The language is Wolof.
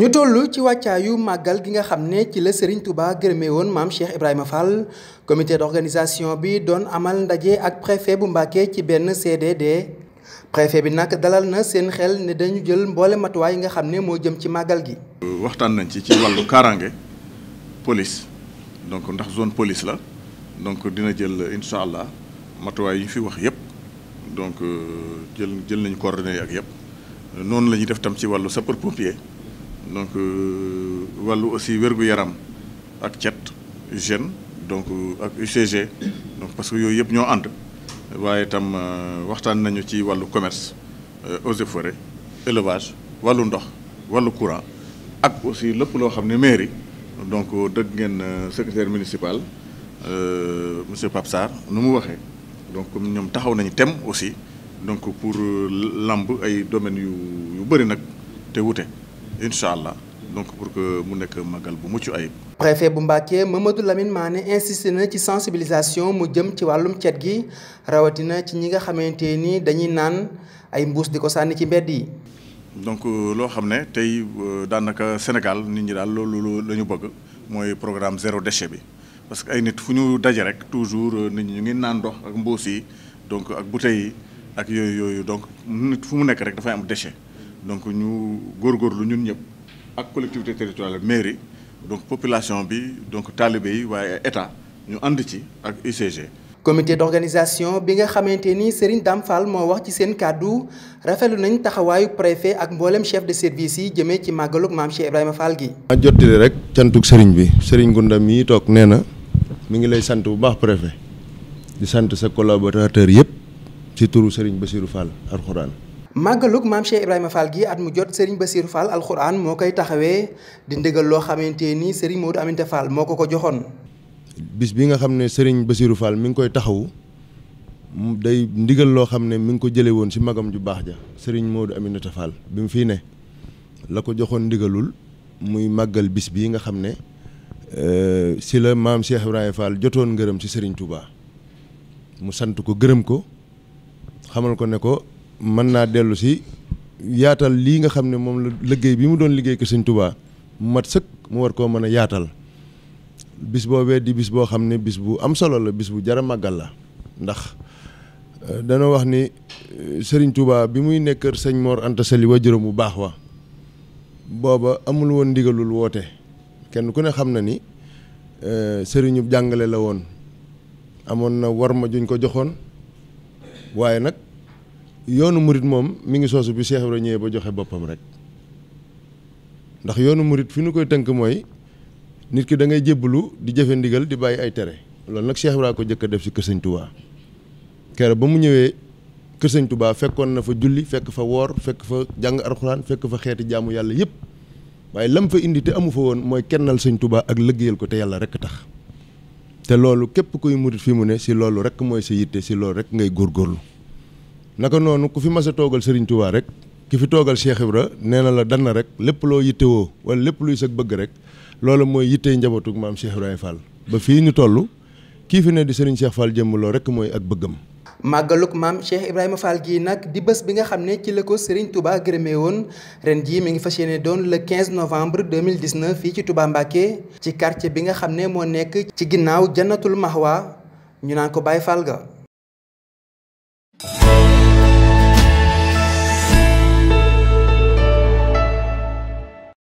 ñu toll ci wàccaayu màggal gi nga xam ne ci la Serigne Touba gërëmee woon maam Cheikh Ibrahima Fall comité d'organisation bi doon amal ndaje ak préfet bu Mbacké ci benn CDD préfet bi nag dalal na seen xel ne dañu jël mboole matuwaay yi nga xam ne moo jëm ci màggal gi. waxtaan nañ ci ci wàllu kaaraange police donc ndax zone police la donc dina jël incha allah matuwaay yi fi wax yëpp donc euh, jël jël nañ coordonnées yi ak yëpp noonu la ñuy def tam ci wàllu sapeur pompier. donc euh, wàllu aussi wér yaram ak cet jeune donc euh, ak UCG donc parce que yooyu yëpp ñoo ànd waaye itam euh, waxtaan nañu ci wàllu commerce eaux et forêt élevage wàllu ndox wàllu courant ak aussi lépp loo xam ne mairie donc dëgg ngeen secrétaire municipal monsieur Pape nu mu waxee donc comme ñoom taxaw nañu tem aussi donc pour lamb ay domaines yu yu bëri nag te wute incha allah donc pour que mu nekk magal bu mucc ayib. préfet bu Mbacké Mamadou Lamine Mané insisté na ci sensibilisation mu jëm ci wàllum cet gi rawatina ci ñi nga xamante ni dañuy naan ay mbuus di ko sànni ci mbedd yi. donc euh, loo xam ne tey euh, daanaka Sénégal nit ñi daal loolu la ñu bëgg mooy programme zéro déchet bi parce que ay nit fu ñu daje rek toujours euh, nit ñi ñu ngi naan dox ak mbuus yi donc ak bouteilles yi ak yooyu yooyu donc nit fu mu nekk rek dafay am déchet. donc ñu lu ñun ñëpp ak collectivité territoriale mairie donc population bi donc talibé yi waaye état ñu ànd ci ak UCG. comité d'organisation bi nga xamante ni Serigne Dame Fall moo wax ci seen kàddu rafetlu nañ taxawaayu préfet ak mboolem chef de service yi jëmee ci màggalug maam Cheikh Ibrahima Fall gi. maa jottali rek cantug Serigne bi Serigne Gunda mii toog nee na mi ngi lay sant bu baax préfet di sant sa collaborateur yëpp ci turu Serigne Bassirou Fall alxuraan. màggalug maam Cheikh Ibrahima Fall gi at mu jot Serigne Bassirou Fall alxuraan moo koy taxawee di ndigal loo xamante nii ni moo Modou Aminta Fall moo ko ko joxoon. bis bi nga xam ne Serigne Bassirou Fall mi ngi koy taxawu day ndigal loo xam ne mi ngi ko jëlee woon ci magam ju baax ja Serigne Modou Aminta Fall bi mu fii ne la ko joxoon ndigalul muy màggal bis bii nga xam ne euh, ci la maam Cheikh jotoon ngërëm ci Serigne Touba mu sant ko gërëm ko xamal ko ne ko. mën naa dellu si yaatal lii nga xam ne moom la liggéey bi mu doon liggéey ko sëñ Touba mat sëkk mu war koo mën a yaatal bis boobee di bis boo xam ne bis bu am solo la bis bu jar a màggal la ndax euh, dana wax ni euh, sëriñ tubaa bi muy nekk kër sëñ moor Anta Sali wajuram bu baax wa booba amul woon ndigalul woote kenn ku ne xam na ni euh, sëriñu jàngale la woon amoon na war ma juñ ko joxoon waaye nag. yoonu murit moom mi ngi soosu bi Cheikh Ibrahima ñëwee ba joxe boppam rek ndax yoonu murit fi nu koy tënk mooy nit ki da ngay jébbalu di jëfe ndigal di bàyyi ay tere loolu nag Cheikh Ibrahima ko jëkk a def si kër Sëñ Touba keroog ba mu ñëwee kër Sëñ Touba fekkoon na fa julli fekk fa woor fekk fa jàng alxuraan fekk fa xeeti jaamu yàlla yëpp waaye lam fa indi te amu fa woon mooy kennal Sëñ tubaa ak lëggéeyal ko te yàlla rek tax te loolu képp kuy murit fi mu ne si loolu rek mooy sa yitte si loolu rek ngay góorgóorlu naka noonu ku fi mas a toogal Serigne Touba rek ki fi toogal Cheikh Ibra nee na la dan na rek lépp loo yittewoo wala lépp luy sag bëgg rek loolu mooy yittee njabootu maam Cheikh Ibrahima Fall ba fii ñu toll kii fi ne di Serigne Cheikh Fall jëmm loo rek mooy ak bëggam. màggaluk maam Cheikh Ibrahima Fall gii nag di bés bi nga xam ne ci la ko Serigne Touba gërëmee woon ren jii mi ngi fas yéene doon le 15 novembre 2019 fii ci Touba Mbacké ci quartier bi nga xam ne moo nekk ci ginnaaw Jannatul Mahwa ñu naan ko Baye Fall